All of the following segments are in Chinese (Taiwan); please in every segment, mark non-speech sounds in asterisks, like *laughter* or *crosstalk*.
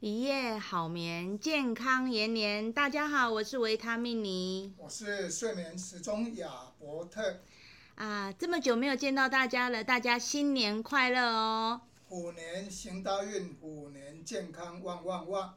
一夜好眠，健康延年。大家好，我是維他命妮，我是睡眠時鐘亞伯特。啊，這麼久沒有見到大家了，大家新年快樂哦！虎年行大運，虎年健康旺旺旺。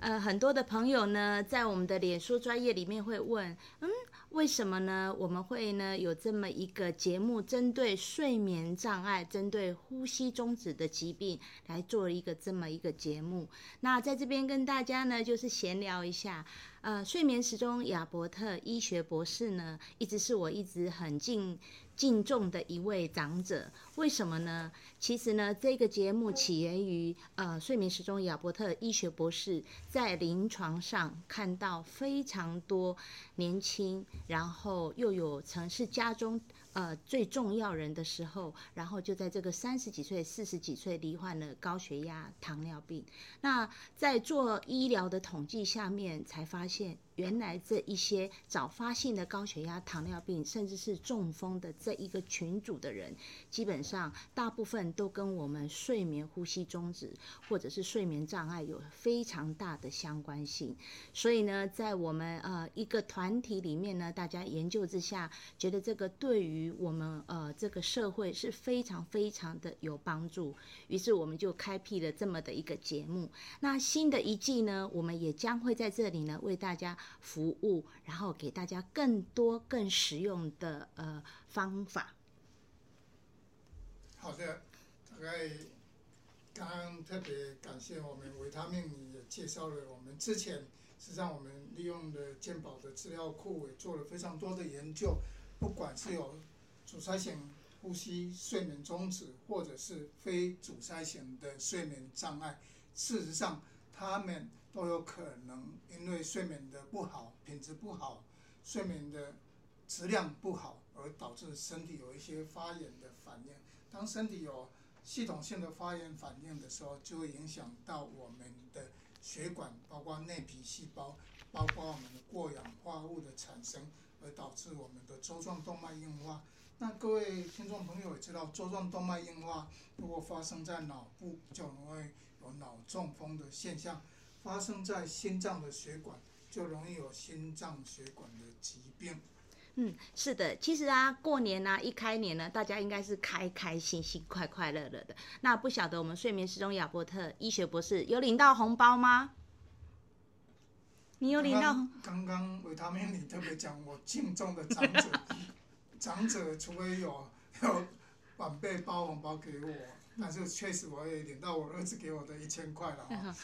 呃，很多的朋友呢，在我們的臉書專頁裡面會問，嗯。為什麼呢？我們會呢有這麼一個節目，針對睡眠障礙、針對呼吸中止的疾病，來做一個這麼一個節目。那在這邊跟大家呢，就是閒聊一下。呃，睡眠時鐘亞伯特醫學博士呢，一直是我一直很敬敬重的一位長者。為什麼呢？其實呢，這個節目起源於呃，睡眠時鐘亞伯特醫學博士在臨床上看到非常多年輕，然後又有曾是家中。呃，最重要人的時候，然後就在這個三十幾歲、四十幾歲罹患了高血壓、糖尿病。那在做醫療的統計下面才發現。原來這一些早發性的高血壓、糖尿病，甚至是中風的這一個群組的人，基本上大部分都跟我們睡眠呼吸中止或者是睡眠障礙有非常大的相關性。所以呢，在我們呃一個團體裡面呢，大家研究之下，覺得這個對於我們呃這個社會是非常非常的有幫助。於是我們就開闢了這麼的一個節目。那新的一季呢，我們也將會在這裡呢為大家。服務，然後給大家更多更實用的呃方法。好的，大概剛剛特別感謝我們維他命，也介紹了我們之前實際上我們利用的健保的資料庫也做了非常多的研究，不管是有阻塞性呼吸睡眠中止，或者是非阻塞性的睡眠障礙，事實上他們，都有可能，因為睡眠的不好、品質不好、睡眠的質量不好，而導致身體有一些發炎的反應。當身體有系統性的發炎反應的時候，就會影響到我們的血管，包括內皮細胞，包括我們的過氧化物的產生，而導致我們的粥狀動脈硬化。那各位聽眾朋友也知道，粥狀動脈硬化如果發生在腦部，就容易有腦中風的現象。發生在心臟的血管，就容易有心臟血管的疾病。嗯，是的，其實啊，過年呢、啊，一開年呢、啊，大家應該是開開心心、快快樂樂的。那不曉得我們睡眠時鐘亞伯特醫學博士有領到紅包嗎？剛剛你有領到剛剛？剛剛維他命裡特別講，我敬重的長者， *laughs* 長者除非有有。反被包紅包給我，對但是確實我也領到我兒子給我的一千塊了。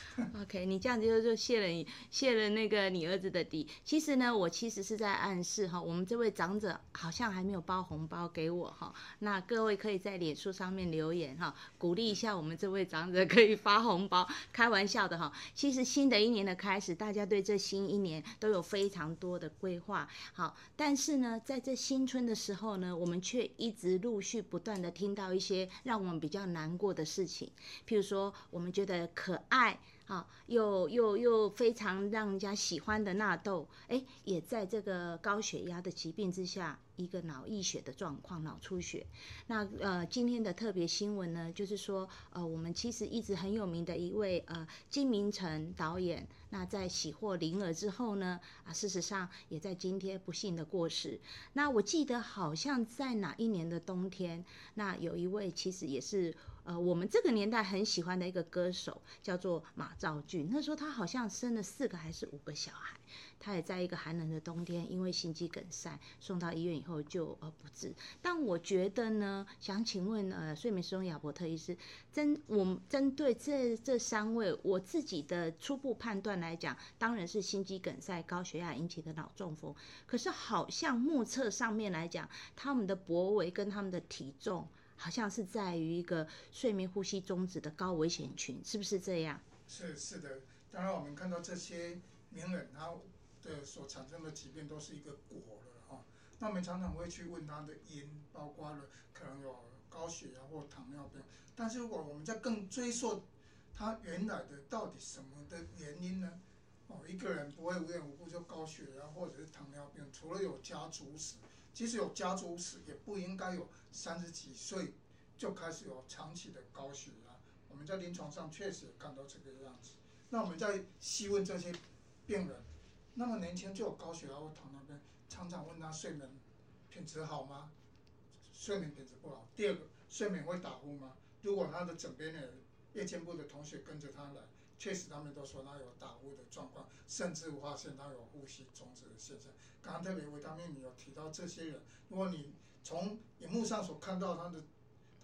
OK, 你這樣子就就謝了你，謝了那個你兒子的底。其實呢，我其實是在暗示哈，我們這位長者好像還沒有包紅包給我哈。那各位可以在臉書上面留言哈，鼓勵一下我們這位長者可以發紅包。開玩笑的哈，其實新的一年的開始，大家對這新一年都有非常多的規劃。好，但是呢，在這新春的時候呢，我們卻一直陸續不斷的。聽到一些讓我們比較難過的事情，譬如說，我們覺得可愛啊，又又又非常讓人家喜歡的納豆，哎、欸，也在這個高血壓的疾病之下。一個腦溢血的狀況，腦出血。那呃，今天的特別新聞呢，就是說呃，我們其實一直很有名的一位呃，金明成導演，那在喜獲麟兒之後呢，啊，事實上也在今天不幸的過世。那我記得好像在哪一年的冬天，那有一位其實也是呃，我們這個年代很喜歡的一個歌手，叫做馬兆駿。那時候他好像生了四個還是五個小孩。他也在一個寒冷的冬天，因為心肌梗塞送到醫院以後就呃不治。但我覺得呢，想請問呃睡眠師、雅伯特醫師，針我針對這這三位，我自己的初步判斷來講，當然是心肌梗塞、高血壓引起的腦中風。可是好像目測上面來講，他們的脖圍跟他們的體重，好像是在於一個睡眠呼吸中止的高危險群，是不是這樣？是是的，當然我們看到這些名人，他。呃，所產生的疾病都是一個果了，哦。那我們常常會去問他的因，包括了可能有高血壓或糖尿病。但是，如果我們再更追溯他原來的到底什麼的原因呢？哦，一個人不會無緣無故就高血壓或者是糖尿病，除了有家族史，即使有家族史，也不應該有三十幾歲就開始有長期的高血壓。我們在臨床上確實看到這個樣子。那我們再細問這些病人。那麼年輕就有高血壓或糖尿病，常常問他睡眠品質好嗎？睡眠品質不好。第二個，睡眠會打呼嗎？如果他的枕邊的人夜間部的同學跟着他來，確實他們都說他有打呼的狀況，甚至我發現他有呼吸中止的現象。剛剛特別為他們你有提到這些人，如果你從熒幕上所看到他的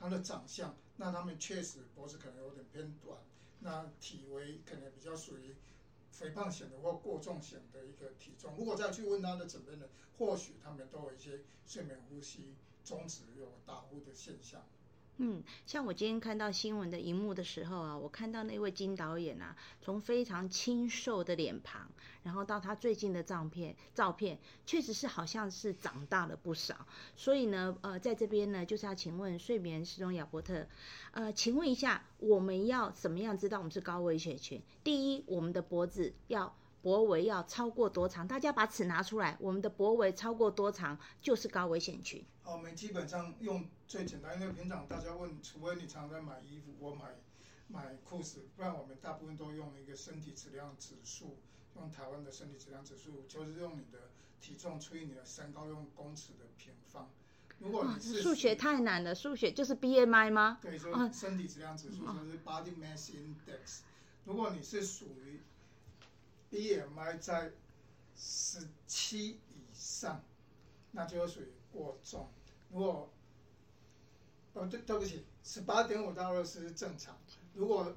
他的長相，那他們確實脖子可能有點偏短，那體圍可能比較屬於。肥胖型的或過重型的一個體重，如果再去問他的枕邊人，或許他們都有一些睡眠呼吸中止，有打呼的現象。嗯，像我今天看到新聞的熒幕的時候啊，我看到那位金導演啊，從非常清瘦的臉龐，然後到他最近的照片，照片確實是好像是長大了不少。所以呢，呃，在這邊呢，就是要請問睡眠時鐘亞伯特，呃，請問一下，我們要怎麼樣知道我們是高危險群？第一，我們的脖子要。脖圍要超過多長？大家把尺拿出來。我們的脖圍超過多長就是高危險群。好、哦，我們基本上用最簡單，因為平常大家問，除非你常常在買衣服，或買買褲子，不然我們大部分都用一個身體質量指數，用台灣的身體質量指數，就是用你的體重除以你的身高用公尺的平方。如果你是，哦，數學太難了，數學就是 BMI 嗎？對，所以身體質量指數，哦、就是 Body Mass Index。如果你是屬於。BMI 在十七以上，那就屬於過重。如果哦，對對不起，十八點五到二十是正常。如果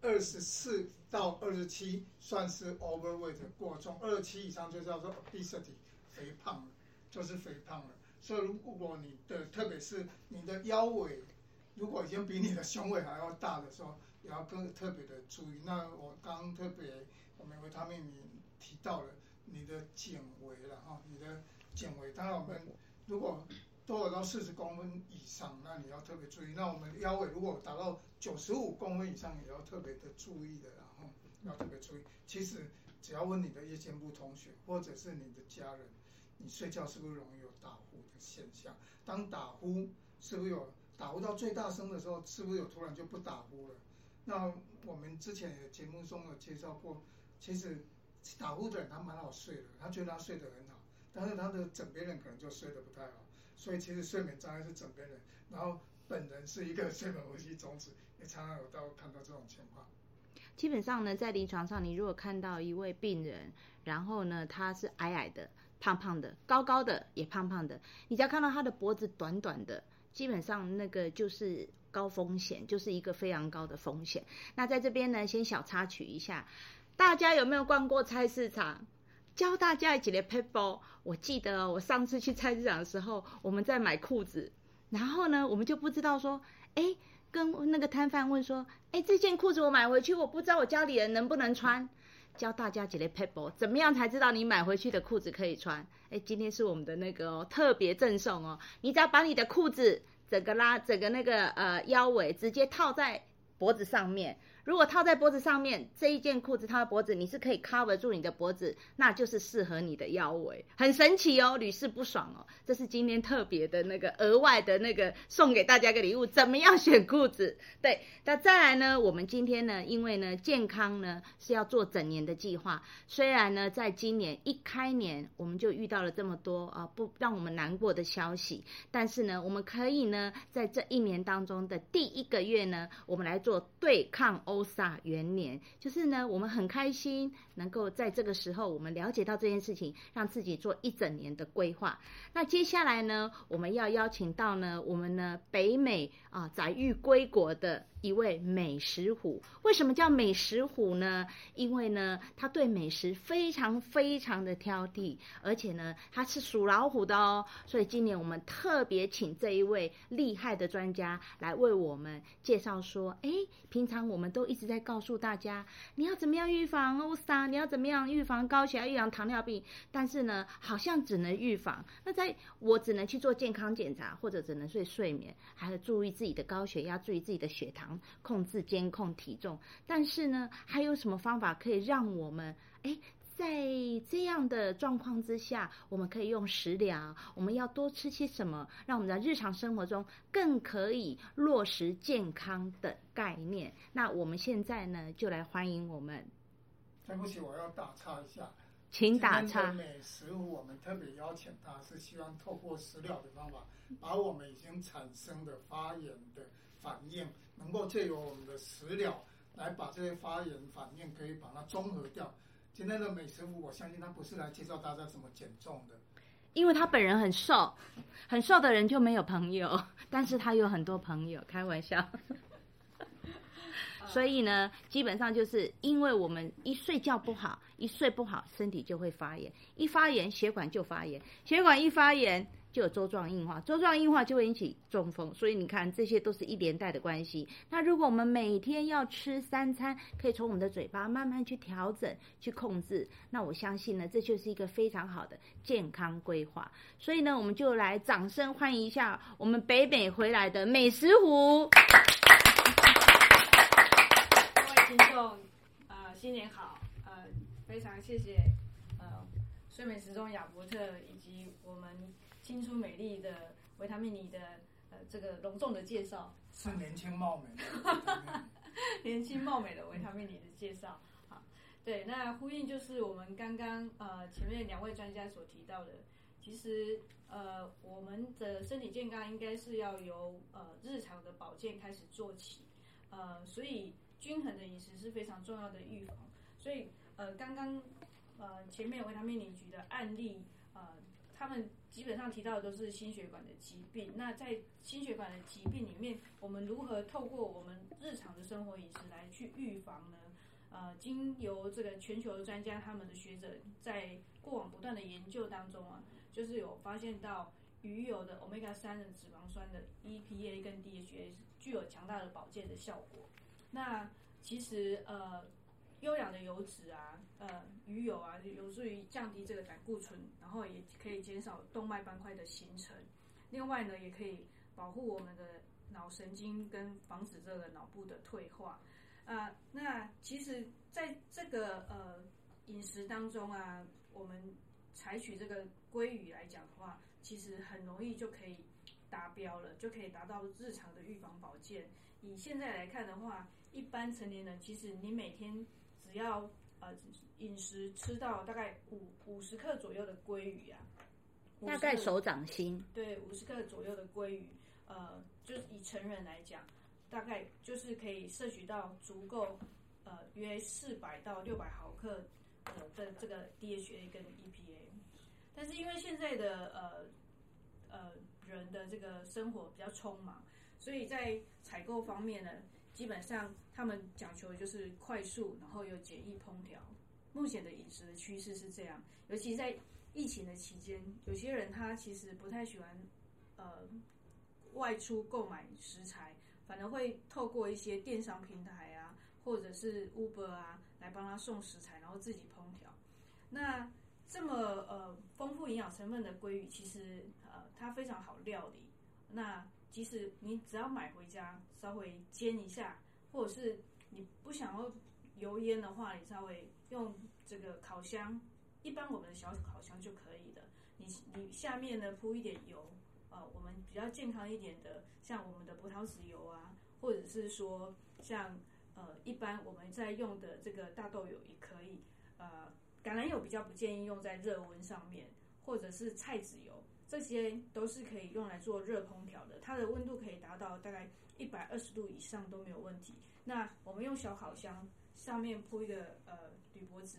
二十四到二十七算是 overweight 過重，二十七以上就叫做 obesity 肥胖了，就是肥胖了。所以如果你的，特別是你的腰圍，如果已經比你的胸圍還要大的時候，你要更特別的注意。那我剛特別。維他命，你提到了你的頸圍了哈，你的頸圍。當然，我們如果都有到四十公分以上，那你要特別注意。那我們腰圍如果達到九十五公分以上，也要特別的注意的，然、哦、後要特別注意。其實，只要問你的夜間部同學或者是你的家人，你睡覺是不是容易有打呼的現象？當打呼是不是有打呼到最大聲的時候，是不是有突然就不打呼了？那我們之前的節目中有介紹過。其實打呼的人，他蠻好睡的，他覺得他睡得很好。但是他的枕邊人可能就睡得不太好，所以其實睡眠障礙是枕邊人，然後本人是一個睡眠呼吸中止，也常常有到看到這種情況。基本上呢，在臨床上，你如果看到一位病人，然後呢，他是矮矮的、胖胖的，高高的也胖胖的，你只要看到他的脖子短短的，基本上那個就是高風險，就是一個非常高的風險。那在這邊呢，先小插曲一下。大家有沒有逛過菜市場？教大家幾類 p a p e，我記得、喔，我上次去菜市場的時候，我們在買褲子，然後呢，我們就不知道說，欸、跟那個攤販問說，哎、欸，這件褲子我買回去，我不知道我家裡人能不能穿。教大家幾個 p a p e 怎麼樣才知道你買回去的褲子可以穿，欸？今天是我們的那個哦、喔，特別贈送哦、喔，你只要把你的褲子整個拉整個那個呃腰圍，直接套在脖子上面。如果套在脖子上面，這一件褲子套在脖子，你是可以 cover 住你的脖子，那就是適合你的腰圍，很神奇哦，屢試不爽哦。這是今天特別的那個額外的那個送給大家一個禮物，怎麼樣選褲子？對，那再來呢？我們今天呢，因為呢，健康呢是要做整年的計劃，雖然呢，在今年一開年我們就遇到了這麼多啊不讓我們難過的消息，但是呢，我們可以呢，在這一年當中的第一個月呢，我們來做對抗歐。OSA 元年，就是呢，我們很開心能夠在這個時候，我們了解到這件事情，讓自己做一整年的規劃。那接下來呢，我們要邀請到呢，我們呢北美啊載譽歸國的一位美食虎。為什麼叫美食虎呢？因為呢，他對美食非常非常的挑剔，而且呢，他是屬老虎的哦。所以今年我們特別請這一位厲害的專家來為我們介紹說：哎，平常我們都一直在告訴大家，你要怎麼樣預防 OSA，你要怎麼樣預防高血壓、預防糖尿病。但是呢，好像只能預防。那在我只能去做健康檢查，或者只能睡睡眠，還要注意自己的高血壓，注意自己的血糖控制、監控體重。但是呢，還有什麼方法可以讓我們？哎。在這樣的狀況之下，我們可以用食療。我們要多吃些什麼，讓我們在日常生活中更可以落實健康的概念。那我們現在呢，就來歡迎我們。對不起，我要打岔一下，請打岔。食物我們特別邀請他，是希望透過食療的方法，把我們已經產生的發炎的反應，能夠借由我們的食療來把這些發炎反應可以把它中和掉。今天的美食屋，我相信他不是來介紹大家怎麼減重的，因為他本人很瘦，很瘦的人就沒有朋友，但是他有很多朋友，開玩笑。呵呵啊、所以呢，基本上就是因為我們一睡覺不好，一睡不好，身體就會發炎，一發炎血管就發炎，血管一發炎就有粥狀硬化，粥狀硬化就會引起中風，所以你看，這些都是一連帶的關係。那如果我們每天要吃三餐，可以從我們的嘴巴慢慢去調整、去控制，那我相信呢，這就是一個非常好的健康規劃。所以呢，我們就來掌聲歡迎一下我們北美回來的美食湖。各位聽眾，呃，新年好，呃，非常謝謝，呃，睡美食中亞伯特以及我們。新出美麗的維他命里的呃，這個隆重的介紹是年輕貌美，年輕貌美的維 *laughs* 他命里的介紹。 *laughs* 好，對，那呼應就是我們剛剛呃前面兩位專家所提到的，其實呃我們的身體健康應該是要由呃日常的保健開始做起，呃，所以均衡的飲食是非常重要的預防。所以呃剛剛呃前面維他命里舉的案例，呃他們基本上提到的都是心血管的疾病。那在心血管的疾病裡面，我們如何透過我們日常的生活飲食來去預防呢？呃，經由這個全球的專家，他們的學者在過往不斷的研究當中啊，就是有發現到魚油的歐米伽三的脂肪酸的 EPA 跟 DHA 具有強大的保健的效果。那其實呃。優良的油脂啊，呃，魚油啊，有助於降低這個膽固醇，然後也可以減少動脈斑塊的形成。另外呢，也可以保護我們的腦神經跟防止這個腦部的退化啊、呃。那其實在這個呃飲食當中啊，我們採取這個鮭魚來講的話，其實很容易就可以達標了，就可以達到日常的預防保健。以現在來看的話，一般成年人其實你每天只要呃飲食吃到大概五五十克左右的鮭魚啊，大概手掌心。對，五十克左右的鮭魚，呃，就是以成人來講，大概就是可以攝取到足夠呃約四百到六百毫克的這這個 DHA 跟 EPA。但是因為現在的呃呃人的這個生活比較匆忙，所以在採購方面呢。基本上，他們講求的就是快速，然後又簡易烹調。目前的飲食的趨勢是這樣，尤其在疫情的期間，有些人他其實不太喜歡，呃，外出購買食材，反而會透過一些電商平台啊，或者是 Uber 啊，來幫他送食材，然後自己烹調。那這麼呃豐富營養成分的鮭魚，其實呃它非常好料理。那即使你只要買回家稍微煎一下，或者是你不想要油煙的話，你稍微用這個烤箱，一般我們的小烤箱就可以的。你你下面呢鋪一點油呃，我們比較健康一點的，像我們的葡萄籽油啊，或者是說像呃一般我們在用的這個大豆油也可以。呃，橄欖油比較不建議用在熱溫上面，或者是菜籽油。這些都是可以用來做熱烹調的，它的溫度可以達到大概一百二十度以上都沒有問題。那我們用小烤箱上面鋪一個呃鋁箔紙，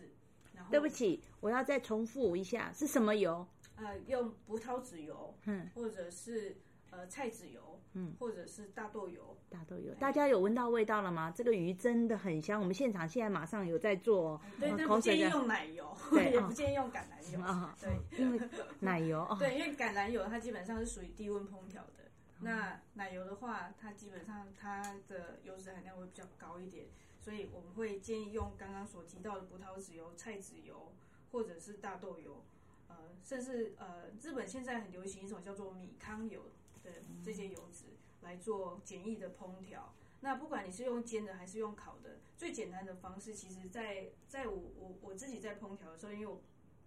然後對不起，我要再重複一下是什麼油？呃，用葡萄籽油，嗯，或者是。嗯呃，菜籽油，嗯，或者是大豆油，大豆油。大家有聞到味道了嗎？這個魚真的很香。我們現場現在馬上有在做，對，這不建議用奶油，也不建議用橄欖油，對，奶油，對，因為橄欖油它基本上是屬於低溫烹調的，那奶油的話，它基本上它的油脂含量會比較高一點，所以我們會建議用剛剛所提到的葡萄籽油、菜籽油或者是大豆油，呃，甚至呃，日本現在很流行一種叫做米糠油。對，這些油脂來做簡易的烹調，嗯、那不管你是用煎的還是用烤的，最簡單的方式，其實在，在在我我我自己在烹調的時候，因為我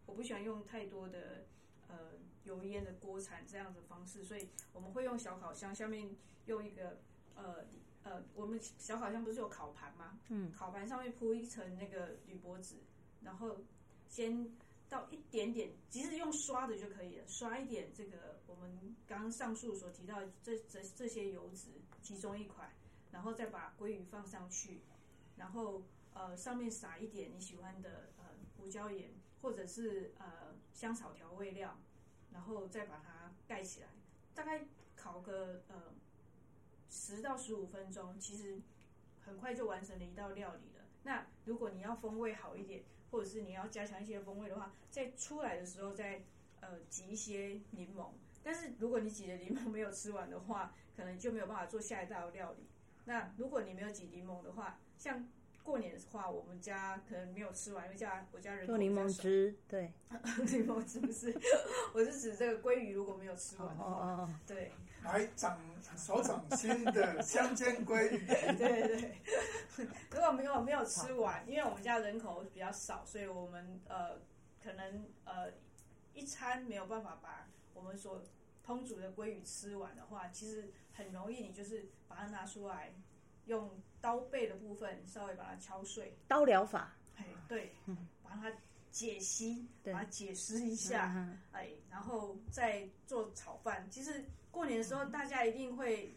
我不喜歡用太多的呃油煙的鍋鏟這樣的方式，所以我們會用小烤箱，下面用一個呃呃，我們小烤箱不是有烤盤嗎？嗯，烤盤上面鋪一層那個鋁箔紙，然後先倒一點點，其實用刷子就可以了，刷一點這個。我們剛剛上述所提到這這這些油脂集中一塊，然後再把鮭魚放上去，然後呃上面撒一點你喜歡的呃胡椒鹽或者是呃香草調味料，然後再把它蓋起來，大概烤個呃十到十五分鐘，其實很快就完成了一道料理了。那如果你要風味好一點，或者是你要加強一些風味的話，在出來的時候再呃擠一些檸檬。但是如果你擠的檸檬沒有吃完的話，可能就沒有辦法做下一道料理。那如果你沒有擠檸檬的話，像過年的話，我們家可能沒有吃完，因為家我家人做檸檬汁，對，檸 *laughs* 檬汁，不是，我是指這個鮭魚如果沒有吃完，哦哦對，還掌手掌心的香煎鮭魚， *laughs* 對對，如果沒有沒有吃完，好因為我們家人口比較少，所以我們呃可能呃一餐沒有辦法把。我們所烹煮的鮭魚吃完的話，其實很容易，你就是把它拿出來，用刀背的部分稍微把它敲碎，刀療法、哎。對，把它解析，對把它解析一下，然後再做炒飯。其實過年的時候，大家一定會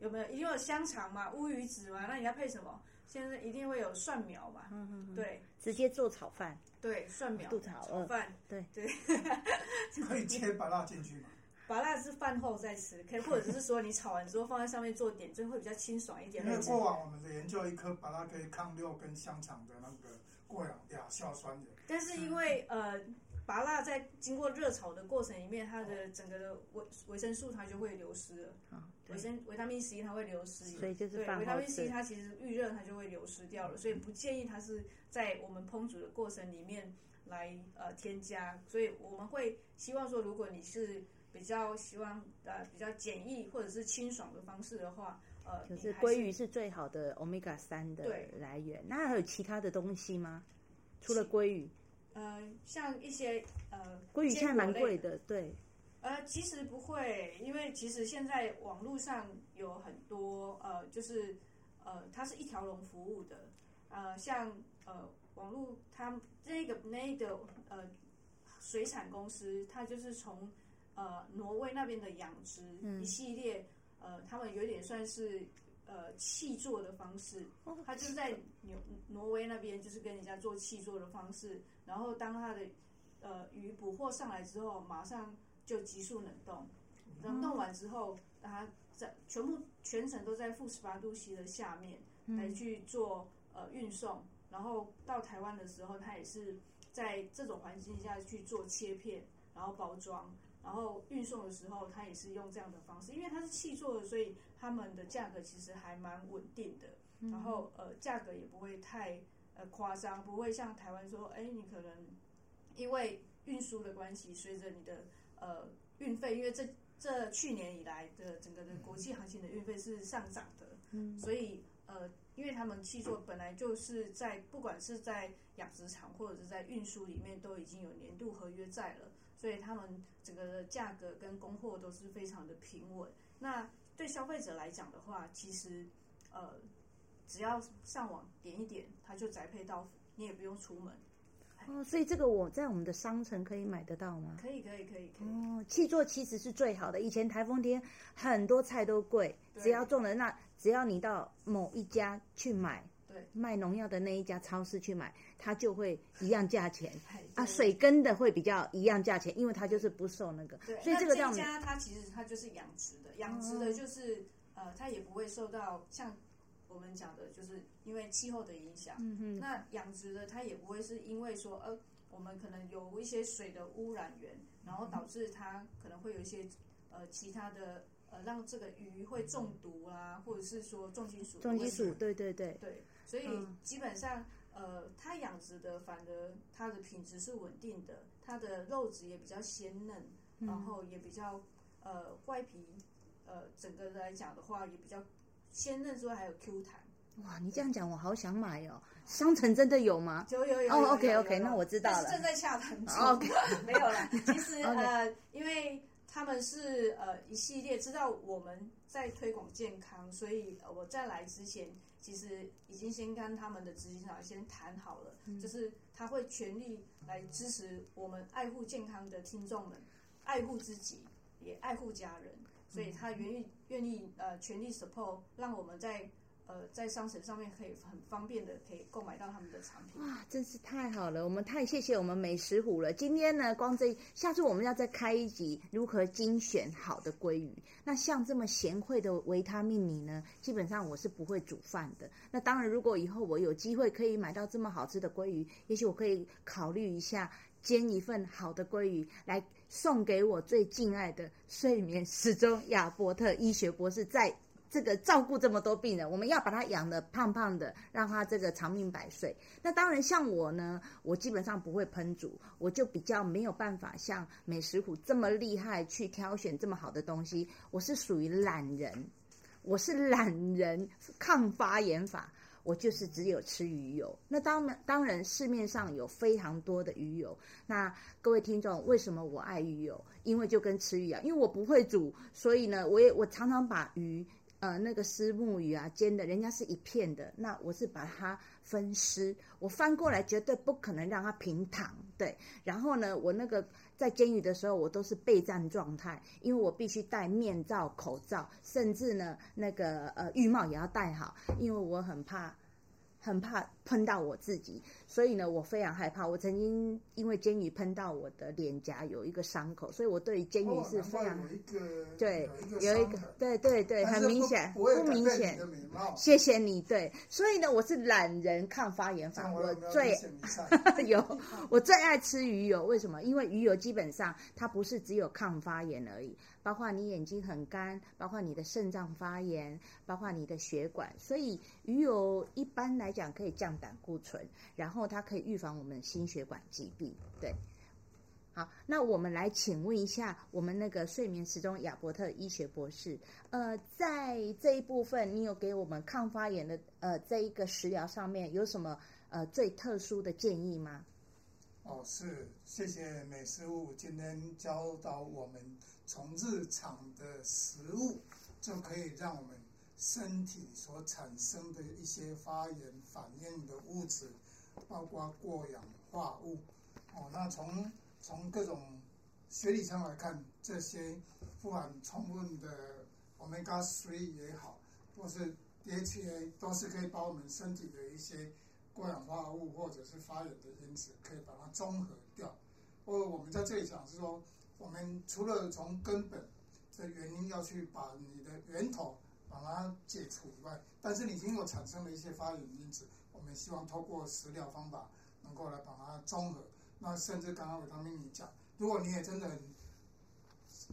有沒有？一定有香腸嘛，烏魚子嘛，那你要配什麼？現在一定會有蒜苗吧？嗯，嗯嗯，對，直接做炒飯。對，蒜苗炒飯，對對，對 *laughs* 可以切芭樂進去嗎？芭樂是飯後再吃，可以，或者是說你炒完之後放在上面做點，就會比較清爽一點。因為過往我們的研究，一顆芭樂可以抗六根香腸的那個過氧亞硝酸鹽。但是因為是呃。芭樂在經過熱炒的過程裡面，它的整個的維維生素它就會流失了。啊、哦，維生維他命 C 它會流失。所以就是對維他命 C 它其實遇熱它就會流失掉了，嗯、所以不建議它是在我們烹煮的過程裡面來呃添加。所以我們會希望說，如果你是比較希望呃比較簡易或者是清爽的方式的話，呃，就是鮭魚是最好的歐米伽三的來源。對那還有其他的東西嗎？除了鮭魚？呃，像一些呃，鮭魚現在還蠻貴的，對。呃，其實不會，因為其實現在網絡上有很多呃，就是呃，它是一條龍服務的。呃，像呃，網絡它這個那個呃，水產公司，它就是從呃挪威那邊的養殖一系列，嗯、呃，他們有點算是。呃，契作的方式，他就是在挪挪威那邊，就是跟人家做契作的方式。然後當他的呃魚捕獲上來之後，馬上就急速冷凍，冷凍完之後，它在全部全程都在負十八度 C 的下面來去做呃運送。然後到台灣的時候，它也是在這種環境下去做切片，然後包裝，然後運送的時候，它也是用這樣的方式，因為它是契作的，所以。他們的價格其實還蠻穩定的，然後呃，價格也不會太呃誇張，不會像台灣說，哎、欸，你可能因為運輸的關係，隨着你的呃運費，因為這這去年以來的整個的國際行情的運費是上漲的，所以呃，因為他們契作本來就是在不管是在養殖場或者是在運輸裡面都已經有年度合約在了，所以他們整個的價格跟供貨都是非常的平穩。那對消費者來講的話，其實，呃，只要上網點一點，它就宅配到府，你也不用出門。哦，所以這個我在我們的商城可以買得到嗎？可以，可以，可以，可以。哦，契作其實是最好的。以前台風天很多菜都貴，對只要種了那，只要你到某一家去買。對賣農藥的那一家超市去買，它就會一樣價錢對啊，水耕的會比較一樣價錢，對因為它就是不受那個。對所以這個這家它其實它就是養殖的，養殖的就是、嗯、呃，它也不會受到像我們講的，就是因為氣候的影響。嗯嗯哼。那養殖的它也不會是因為說呃，我們可能有一些水的污染源，然後導致它可能會有一些呃其他的呃讓這個魚會中毒啊，嗯、哼或者是說重金屬。重金屬。對對對。對。對所以基本上，呃，它養殖的反而它的品質是穩定的，它的肉質也比較鮮嫩，然後也比較呃外皮呃整個來講的話也比較鮮嫩之外還有 Q 彈。哇，你這樣講我好想買哦！香橙真的有嗎？有有有。哦，OK OK，那我知道了。正在洽談中。沒有了。其實呃，因為。他們是呃一系列知道我們在推廣健康，所以，呃，我在來之前，其實已經先跟他們的執行長先談好了，就是他會全力來支持我們愛護健康的聽眾們，愛護自己，也愛護家人，所以他願意願意呃全力 support，讓我們在。呃，在商城上面可以很方便的可以購買到他們的產品。哇，真是太好了！我們太謝謝我們美食虎了。今天呢，光這一下次我們要再開一集，如何精選好的鮭魚？那像這麼賢惠的維他命你呢？基本上我是不會煮飯的。那當然，如果以後我有機會可以買到這麼好吃的鮭魚，也許我可以考慮一下煎一份好的鮭魚來送給我最敬愛的睡眠時鐘亞伯特醫學博士在。這個照顧這麼多病人，我們要把他養得胖胖的，讓他這個長命百歲。那當然，像我呢，我基本上不會烹煮，我就比較沒有辦法像美食虎這麼厲害去挑選這麼好的東西。我是屬於懶人，我是懶人抗發炎法，我就是只有吃魚油。那當然，當然市面上有非常多的魚油。那各位聽眾，為什麼我愛魚油？因為就跟吃魚一樣，因為我不會煮，所以呢，我也我常常把魚。呃，那個虱目魚啊，煎的，人家是一片的，那我是把它分屍，我翻過來絕對不可能讓它平躺，對。然後呢，我那個在煎魚的時候，我都是備戰狀態，因為我必須戴面罩、口罩，甚至呢，那個呃浴帽也要戴好，因為我很怕。很怕噴到我自己，所以呢，我非常害怕。我曾經因為煎魚噴到我的臉頰有一個傷口，所以我對煎魚是非常對，哦、有一個，有一個對對對，很明顯不明顯。明顯謝謝你，對。所以呢，我是懶人抗發炎法，我，有有我最 *laughs* *laughs* 有我最愛吃魚油，為什麼？因為魚油基本上它不是只有抗發炎而已。包括你眼睛很乾，包括你的腎臟發炎，包括你的血管，所以魚油一般來講可以降膽固醇，然後它可以預防我們心血管疾病。對，好，那我們來請問一下，我們那個睡眠時鐘亞伯特醫學博士，呃，在這一部分，你有給我們抗發炎的呃這一個食療上面有什麼呃最特殊的建議嗎？哦，是，謝謝美食物今天教導我們，從日常的食物就可以讓我們身體所產生的一些發炎反應的物質，包括過氧化物。哦，那從從各種學理上來看，這些富含充分的 Omega-3 也好，或是 DHA，都是可以把我們身體的一些。過氧化物或者是發炎的因子，可以把它中和掉。或者我們在這裡講是說，我們除了從根本的原因要去把你的源頭把它解除以外，但是你已經有產生了一些發炎因子，我們希望透過食療方法能夠來把它中和。那甚至剛剛維他命你講，如果你也真的很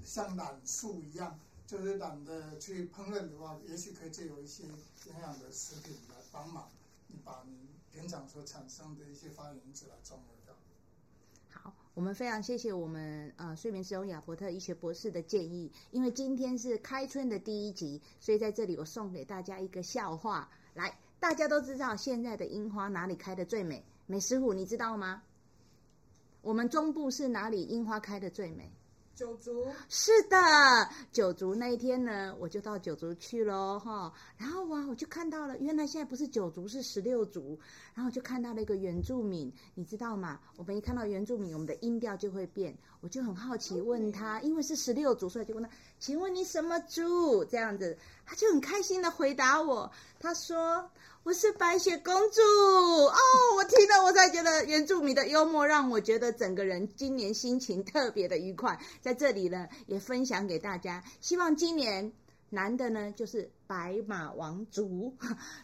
像懶樹一樣，就是懶得去烹飪的話，也許可以借由一些營養的食品來幫忙，你把你。園長所產生的一些發言，之來重要掉。好，我們非常謝謝我們呃睡眠使用亞伯特醫學博士的建議。因為今天是開春的第一集，所以在這裡我送給大家一個笑話。來，大家都知道現在的櫻花哪裡開得最美？美食虎，你知道嗎？我們中部是哪裡櫻花開得最美？九族。是的，九族那一天呢，我就到九族去咯。吼，然後哇，我就看到了，原來現在不是九族，是十六族。然後我就看到了一個原住民，你知道嗎？我們一看到原住民，我們的音調就會變。我就很好奇問他，Okay. 因為是十六族，所以就問他，請問你什麼族？這樣子。他就很開心的回答我：“他說我是白雪公主哦。”我聽了，我才覺得原住民的幽默讓我覺得整個人今年心情特別的愉快。在這裡呢，也分享給大家，希望今年男的呢就是白馬王族；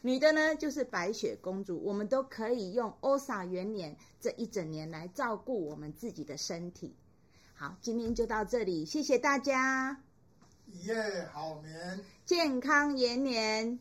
女的呢就是白雪公主。我們都可以用 OSA 元年這一整年來照顧我們自己的身體。好，今天就到這裡，謝謝大家。一夜好眠，yeah, 健康延年。